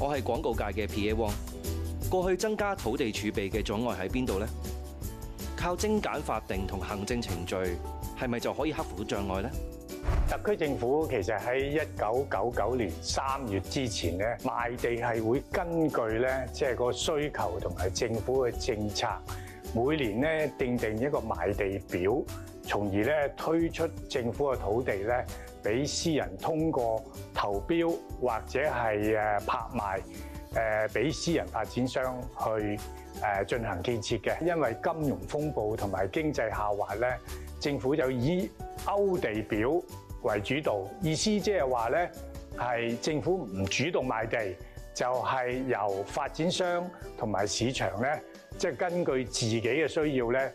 我係廣告界嘅 Pierre Wong。過去增加土地儲備嘅阻礙喺邊度咧？靠精簡法定同行政程序，係咪就可以克服障礙咧？特區政府其實喺一九九九年三月之前咧，賣地係會根據咧即係個需求同埋政府嘅政策，每年咧訂定一個賣地表。從而咧推出政府嘅土地咧，俾私人通過投標或者係拍賣誒，俾私人發展商去誒進行建設嘅。因為金融風暴同埋經濟下滑咧，政府就以勾地表為主導，意思即係話咧係政府唔主動賣地，就係、是、由發展商同埋市場咧，即、就是、根據自己嘅需要咧。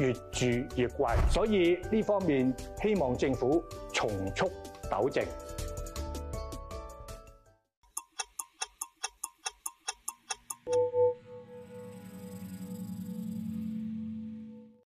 越住越貴，所以呢方面希望政府重速糾正。